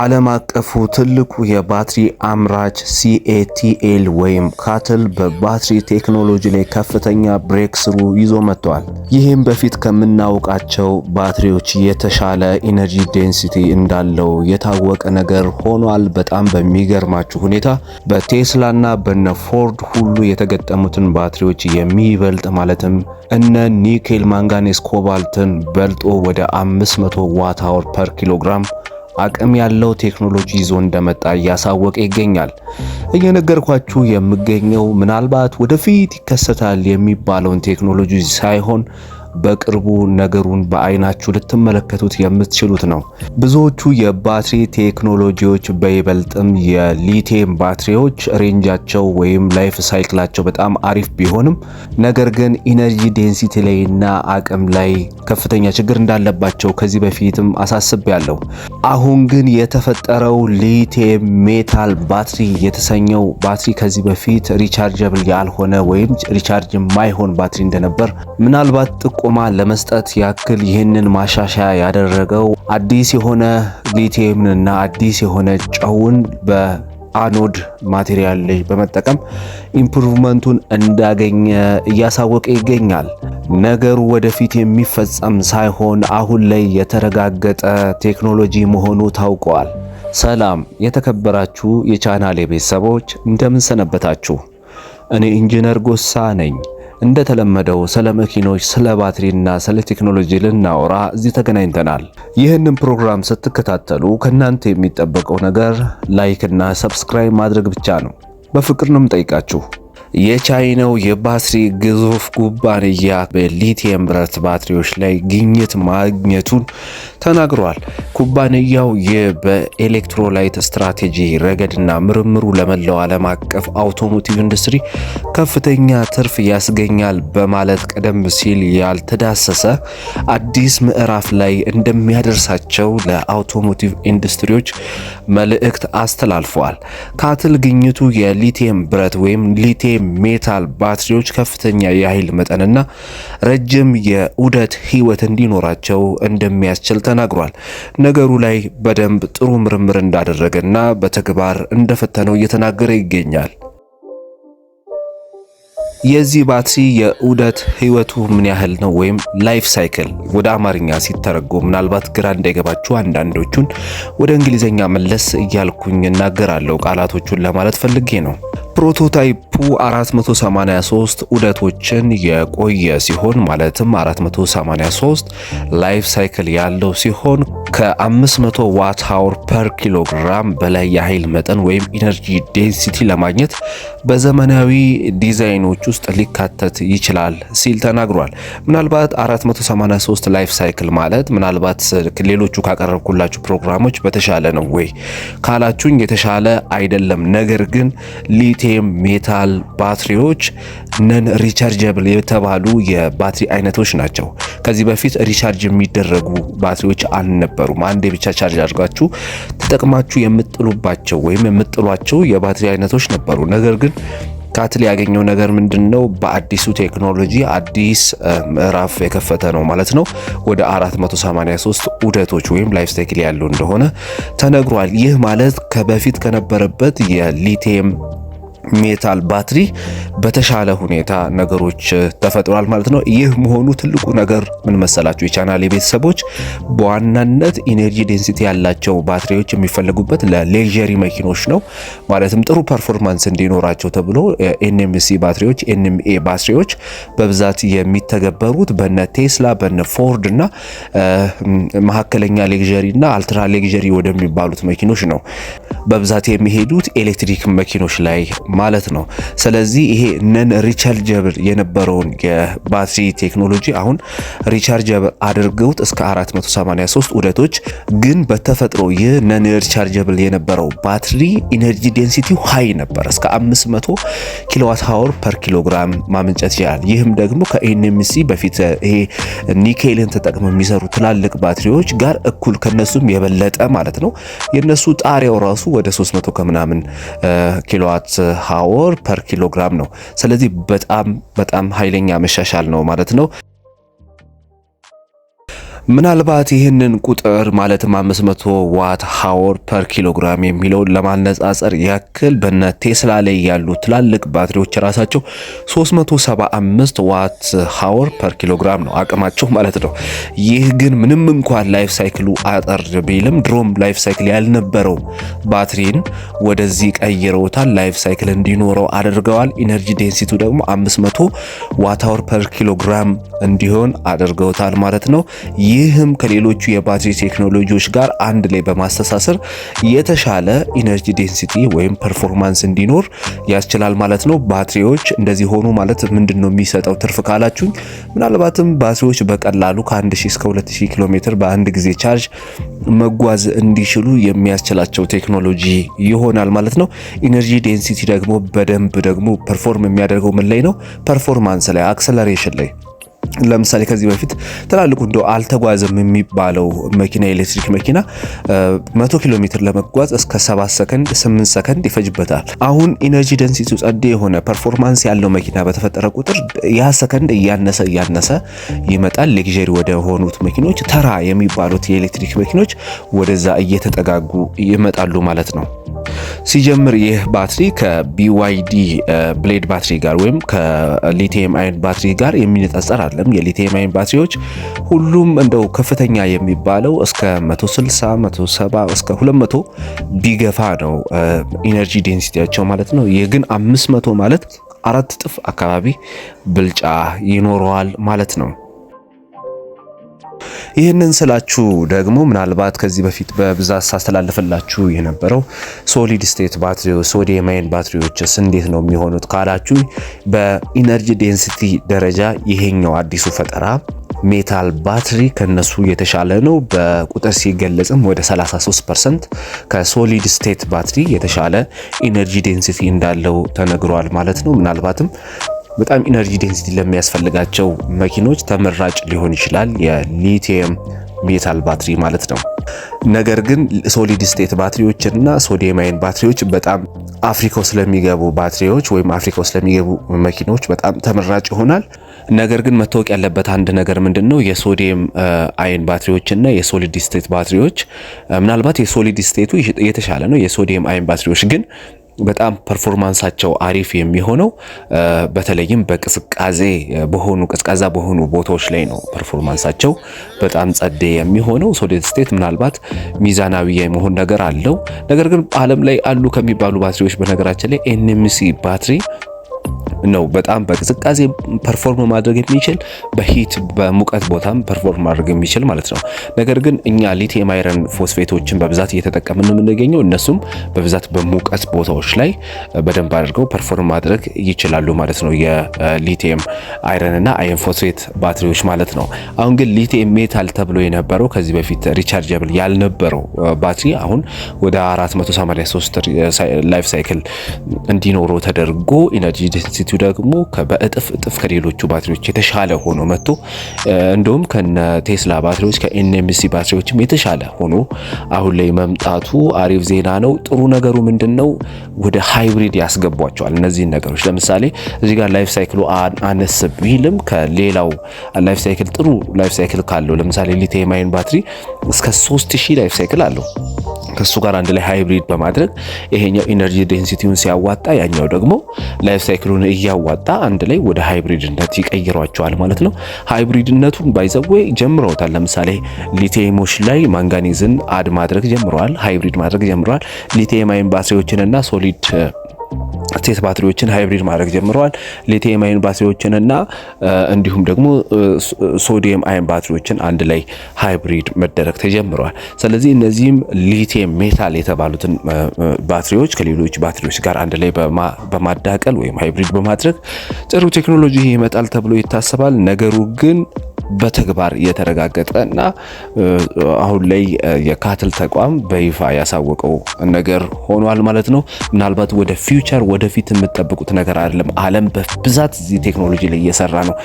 ዓለም አቀፉ ትልቁ የባትሪ አምራች ሲኤቲኤል ወይም ካትል በባትሪ ቴክኖሎጂ ላይ ከፍተኛ ብሬክስሩ ይዞ መጥቷል። ይህም በፊት ከምናውቃቸው ባትሪዎች የተሻለ ኢነርጂ ዴንሲቲ እንዳለው የታወቀ ነገር ሆኗል። በጣም በሚገርማችሁ ሁኔታ በቴስላና በነ ፎርድ ሁሉ የተገጠሙትን ባትሪዎች የሚበልጥ ማለትም እነ ኒኬል ማንጋኔስ ኮባልትን በልጦ ወደ 500 ዋት አወር ፐር ኪሎግራም አቅም ያለው ቴክኖሎጂ ይዞ እንደመጣ እያሳወቀ ይገኛል። እየነገርኳችሁ የምገኘው ምናልባት ወደፊት ይከሰታል የሚባለውን ቴክኖሎጂ ሳይሆን በቅርቡ ነገሩን በአይናችሁ ልትመለከቱት የምትችሉት ነው። ብዙዎቹ የባትሪ ቴክኖሎጂዎች በይበልጥም የሊቲየም ባትሪዎች ሬንጃቸው ወይም ላይፍ ሳይክላቸው በጣም አሪፍ ቢሆንም ነገር ግን ኢነርጂ ዴንሲቲ ላይና አቅም ላይ ከፍተኛ ችግር እንዳለባቸው ከዚህ በፊትም አሳስብ ያለው። አሁን ግን የተፈጠረው ሊቲየም ሜታል ባትሪ የተሰኘው ባትሪ ከዚህ በፊት ሪቻርጀብል ያልሆነ ወይም ሪቻርጅ የማይሆን ባትሪ እንደነበር ምናልባት ጥቆ ጥቆማ ለመስጠት ያክል ይህንን ማሻሻያ ያደረገው አዲስ የሆነ ሊቲየምንና አዲስ የሆነ ጨውን በአኖድ ማቴሪያል ላይ በመጠቀም ኢምፕሩቭመንቱን እንዳገኘ እያሳወቀ ይገኛል። ነገሩ ወደፊት የሚፈጸም ሳይሆን አሁን ላይ የተረጋገጠ ቴክኖሎጂ መሆኑ ታውቀዋል። ሰላም የተከበራችሁ የቻናሌ ቤተሰቦች እንደምን ሰነበታችሁ? እኔ ኢንጂነር ጎሳ ነኝ። እንደተለመደው ስለ መኪኖች፣ ስለ ባትሪ እና ስለ ቴክኖሎጂ ልናወራ እዚህ ተገናኝተናል። ይህንን ፕሮግራም ስትከታተሉ ከእናንተ የሚጠበቀው ነገር ላይክ እና ሰብስክራይብ ማድረግ ብቻ ነው። በፍቅር ነው የምጠይቃችሁ። የቻይናው የባትሪ ግዙፍ ኩባንያ በሊቲየም ብረት ባትሪዎች ላይ ግኝት ማግኘቱን ተናግሯል። ኩባንያው በኤሌክትሮላይት ስትራቴጂ ረገድና ምርምሩ ለመላው ዓለም አቀፍ አውቶሞቲቭ ኢንዱስትሪ ከፍተኛ ትርፍ ያስገኛል በማለት ቀደም ሲል ያልተዳሰሰ አዲስ ምዕራፍ ላይ እንደሚያደርሳቸው ለአውቶሞቲቭ ኢንዱስትሪዎች መልእክት አስተላልፈዋል። ካትል ግኝቱ የሊቲየም ብረት ወይም ሊቲየም ሜታል ባትሪዎች ከፍተኛ የኃይል መጠንና ረጅም የዑደት ህይወት እንዲኖራቸው እንደሚያስችል ተናግሯል። ነገሩ ላይ በደንብ ጥሩ ምርምር እንዳደረገና በተግባር እንደፈተነው እየተናገረ ይገኛል። የዚህ ባትሪ የዑደት ህይወቱ ምን ያህል ነው? ወይም ላይፍ ሳይክል ወደ አማርኛ ሲተረጎም ምናልባት ግራ እንዳይገባችሁ አንዳንዶቹን ወደ እንግሊዝኛ መለስ እያልኩኝ እናገራለሁ ቃላቶቹን ለማለት ፈልጌ ነው። ፕሮቶታይፑ 483 ዑደቶችን የቆየ ሲሆን ማለትም 483 ላይፍ ሳይክል ያለው ሲሆን ከ500 ዋት አወር ፐር ኪሎግራም በላይ የኃይል መጠን ወይም ኢነርጂ ዴንሲቲ ለማግኘት በዘመናዊ ዲዛይኖች ውስጥ ሊካተት ይችላል ሲል ተናግሯል። ምናልባት 483 ላይፍ ሳይክል ማለት ምናልባት ሌሎቹ ካቀረብኩላችሁ ፕሮግራሞች በተሻለ ነው ወይ ካላችሁኝ የተሻለ አይደለም። ነገር ግን ሊቴ ሊቲየም ሜታል ባትሪዎች ነን ሪቻርጀብል የተባሉ የባትሪ አይነቶች ናቸው። ከዚህ በፊት ሪቻርጅ የሚደረጉ ባትሪዎች አልነበሩም። አንዴ ብቻ ቻርጅ አድርጋችሁ ተጠቅማችሁ የምጥሉባቸው ወይም የምጥሏቸው የባትሪ አይነቶች ነበሩ። ነገር ግን ካትል ያገኘው ነገር ምንድን ነው? በአዲሱ ቴክኖሎጂ አዲስ ምዕራፍ የከፈተ ነው ማለት ነው። ወደ 483 ዑደቶች ወይም ላይፍ ሳይክል ያለው እንደሆነ ተነግሯል። ይህ ማለት ከበፊት ከነበረበት የሊቲየም ሜታል ባትሪ በተሻለ ሁኔታ ነገሮች ተፈጥሯል ማለት ነው። ይህ መሆኑ ትልቁ ነገር ምን መሰላችሁ? የቻናል ቤተሰቦች በዋናነት ኢነርጂ ዴንሲቲ ያላቸው ባትሪዎች የሚፈለጉበት ለሌጀሪ መኪኖች ነው። ማለትም ጥሩ ፐርፎርማንስ እንዲኖራቸው ተብሎ ኤንኤምሲ ባትሪዎች፣ ኤንኤምኤ ባትሪዎች በብዛት የሚተገበሩት በነ ቴስላ በነ ፎርድ እና መካከለኛ ሌጀሪ እና አልትራ ሌጀሪ ወደሚባሉት መኪኖች ነው በብዛት የሚሄዱት ኤሌክትሪክ መኪኖች ላይ ማለት ነው። ስለዚህ ይሄ ነን ሪቻርጀብል የነበረውን የባትሪ ቴክኖሎጂ አሁን ሪቻርጀብል አድርገውት እስከ 483 ውደቶች ግን በተፈጥሮ ይህ ነን ሪቻርጀብል የነበረው ባትሪ ኢነርጂ ዴንሲቲው ሀይ ነበር። እስከ 500 ኪሎዋት ሀወር ፐር ኪሎግራም ማመንጨት ይችላል። ይህም ደግሞ ከኤንኤምሲ በፊት ይሄ ኒኬልን ተጠቅመው የሚሰሩ ትላልቅ ባትሪዎች ጋር እኩል ከነሱም የበለጠ ማለት ነው። የነሱ ጣሪያው ራሱ ወደ 300 ከምናምን ኪሎዋት ፓወር ፐር ኪሎግራም ነው። ስለዚህ በጣም በጣም ኃይለኛ መሻሻል ነው ማለት ነው። ምናልባት ይህንን ቁጥር ማለትም 500 ዋት ሃወር ፐር ኪሎግራም የሚለውን ለማነጻጸር ያክል በነ ቴስላ ላይ ያሉ ትላልቅ ባትሪዎች ራሳቸው 375 ዋት ሃወር ፐር ኪሎግራም ነው አቅማቸው ማለት ነው። ይህ ግን ምንም እንኳን ላይፍ ሳይክሉ አጠር ቢልም ድሮም ላይፍ ሳይክል ያልነበረው ባትሪን ወደዚህ ቀይረውታል። ላይፍ ሳይክል እንዲኖረው አድርገዋል። ኢነርጂ ዴንሲቱ ደግሞ 500 ዋት ሃወር ፐር ኪሎግራም እንዲሆን አድርገውታል ማለት ነው። ይህም ከሌሎቹ የባትሪ ቴክኖሎጂዎች ጋር አንድ ላይ በማስተሳሰር የተሻለ ኢነርጂ ዴንሲቲ ወይም ፐርፎርማንስ እንዲኖር ያስችላል ማለት ነው። ባትሪዎች እንደዚህ ሆኑ ማለት ምንድን ነው የሚሰጠው ትርፍ ካላችሁኝ፣ ምናልባትም ባትሪዎች በቀላሉ ከ1000 እስከ 2000 ኪሎ ሜትር በአንድ ጊዜ ቻርጅ መጓዝ እንዲችሉ የሚያስችላቸው ቴክኖሎጂ ይሆናል ማለት ነው። ኢነርጂ ዴንሲቲ ደግሞ በደንብ ደግሞ ፐርፎርም የሚያደርገው ምን ላይ ነው? ፐርፎርማንስ ላይ፣ አክሰለሬሽን ላይ ለምሳሌ ከዚህ በፊት ትላልቁ እንደው አልተጓዘም የሚባለው መኪና የኤሌክትሪክ መኪና 100 ኪሎ ሜትር ለመጓዝ እስከ 7 ሰከንድ 8 ሰከንድ ይፈጅበታል። አሁን ኢነርጂ ደንሲቲ ጸዴ የሆነ ፐርፎርማንስ ያለው መኪና በተፈጠረ ቁጥር ያ ሰከንድ እያነሰ እያነሰ ይመጣል። ሌግዠሪ ወደ ሆኑት መኪኖች፣ ተራ የሚባሉት የኤሌክትሪክ መኪኖች ወደዛ እየተጠጋጉ ይመጣሉ ማለት ነው። ሲጀምር ይህ ባትሪ ከቢዋይዲ ብሌድ ባትሪ ጋር ወይም ከሊቲየም አይን ባትሪ ጋር የሚነጻጸር አለ አይደለም። የሊቲየም አዮን ባትሪዎች ሁሉም እንደው ከፍተኛ የሚባለው እስከ 160፣ 170 እስከ 200 ቢገፋ ነው ኢነርጂ ዴንሲቲያቸው ማለት ነው። ይህ ግን 500 ማለት አራት እጥፍ አካባቢ ብልጫ ይኖረዋል ማለት ነው። ይህንን ስላችሁ ደግሞ ምናልባት ከዚህ በፊት በብዛት ሳስተላልፍላችሁ የነበረው ሶሊድ ስቴት ባትሪዎች ሶዲየም አየን ባትሪዎችስ እንዴት ነው የሚሆኑት ካላችሁ በኢነርጂ ዴንሲቲ ደረጃ ይሄኛው አዲሱ ፈጠራ ሜታል ባትሪ ከነሱ የተሻለ ነው። በቁጥር ሲገለጽም ወደ 33% ከሶሊድ ስቴት ባትሪ የተሻለ ኢነርጂ ዴንሲቲ እንዳለው ተነግሯል ማለት ነው። ምናልባትም በጣም ኢነርጂ ዴንሲቲ ለሚያስፈልጋቸው መኪኖች ተመራጭ ሊሆን ይችላል የሊቲየም ሜታል ባትሪ ማለት ነው። ነገር ግን ሶሊድ ስቴት ባትሪዎች እና ሶዲየም አይን ባትሪዎች በጣም አፍሪካ ውስጥ ለሚገቡ ባትሪዎች ወይም አፍሪካ ውስጥ ለሚገቡ መኪኖች በጣም ተመራጭ ይሆናል። ነገር ግን መታወቅ ያለበት አንድ ነገር ምንድን ነው? የሶዲየም አይን ባትሪዎች እና የሶሊድ ስቴት ባትሪዎች ምናልባት የሶሊድ ስቴቱ የተሻለ ነው። የሶዲየም አይን ባትሪዎች ግን በጣም ፐርፎርማንሳቸው አሪፍ የሚሆነው በተለይም በቅስቃዜ በሆኑ ቀዝቃዛ በሆኑ ቦታዎች ላይ ነው። ፐርፎርማንሳቸው በጣም ጸዴ የሚሆነው ሶሊድ ስቴት ምናልባት ሚዛናዊ የመሆን ነገር አለው። ነገር ግን ዓለም ላይ አሉ ከሚባሉ ባትሪዎች በነገራችን ላይ ኤንኤምሲ ባትሪ ነው በጣም በቅዝቃዜ ፐርፎርም ማድረግ የሚችል በሂት በሙቀት ቦታም ፐርፎርም ማድረግ የሚችል ማለት ነው። ነገር ግን እኛ ሊቲየም አይረን ፎስፌቶችን በብዛት እየተጠቀምን የምንገኘው እነሱም በብዛት በሙቀት ቦታዎች ላይ በደንብ አድርገው ፐርፎርም ማድረግ ይችላሉ ማለት ነው። የሊቲየም አይረን እና አየን ፎስፌት ባትሪዎች ማለት ነው። አሁን ግን ሊቲየም ሜታል ተብሎ የነበረው ከዚህ በፊት ሪቻርጀብል ያልነበረው ባትሪ አሁን ወደ 483 ላይፍ ሳይክል እንዲኖረው ተደርጎ ኢነርጂ ዴንሲቲ ኳሊቲው ደግሞ በእጥፍ እጥፍ ከሌሎቹ ባትሪዎች የተሻለ ሆኖ መጥቶ እንደውም ከነ ቴስላ ባትሪዎች ከኤንኤምሲ ባትሪዎችም የተሻለ ሆኖ አሁን ላይ መምጣቱ አሪፍ ዜና ነው። ጥሩ ነገሩ ምንድን ነው? ወደ ሃይብሪድ ያስገቧቸዋል እነዚህን ነገሮች። ለምሳሌ እዚህ ጋር ላይፍ ሳይክሉ አነስ ቢልም ከሌላው ላይፍ ሳይክል ጥሩ ላይፍ ሳይክል ካለው ለምሳሌ ሊቴማይን ባትሪ እስከ 3000 ላይፍ ሳይክል አለው። ከሱ ጋር አንድ ላይ ሃይብሪድ በማድረግ ይሄኛው ኢነርጂ ዴንሲቲውን ሲያዋጣ፣ ያኛው ደግሞ ላይፍ ሳይክሉን እያዋጣ አንድ ላይ ወደ ሃይብሪድነት ይቀይሯቸዋል ማለት ነው። ሃይብሪድነቱን ባይዘዌ ጀምረውታል። ለምሳሌ ሊቴሞች ላይ ማንጋኒዝን አድ ማድረግ ጀምረዋል፣ ሃይብሪድ ማድረግ ጀምረዋል። ሊቴማይን ባትሪዎችንና ሶሊድ ሴት ባትሪዎችን ሃይብሪድ ማድረግ ጀምረዋል። ሊቲየም አይን ባትሪዎችን እና እንዲሁም ደግሞ ሶዲየም አይን ባትሪዎችን አንድ ላይ ሃይብሪድ መደረግ ተጀምረዋል። ስለዚህ እነዚህም ሊቲየም ሜታል የተባሉትን ባትሪዎች ከሌሎች ባትሪዎች ጋር አንድ ላይ በማዳቀል ወይም ሃይብሪድ በማድረግ ጥሩ ቴክኖሎጂ ይመጣል ተብሎ ይታሰባል። ነገሩ ግን በተግባር የተረጋገጠ እና አሁን ላይ የካትል ተቋም በይፋ ያሳወቀው ነገር ሆኗል ማለት ነው። ምናልባት ወደ ፊውቸር ወደፊት የምጠብቁት ነገር አይደለም። ዓለም በብዛት እዚህ ቴክኖሎጂ ላይ እየሰራ ነው።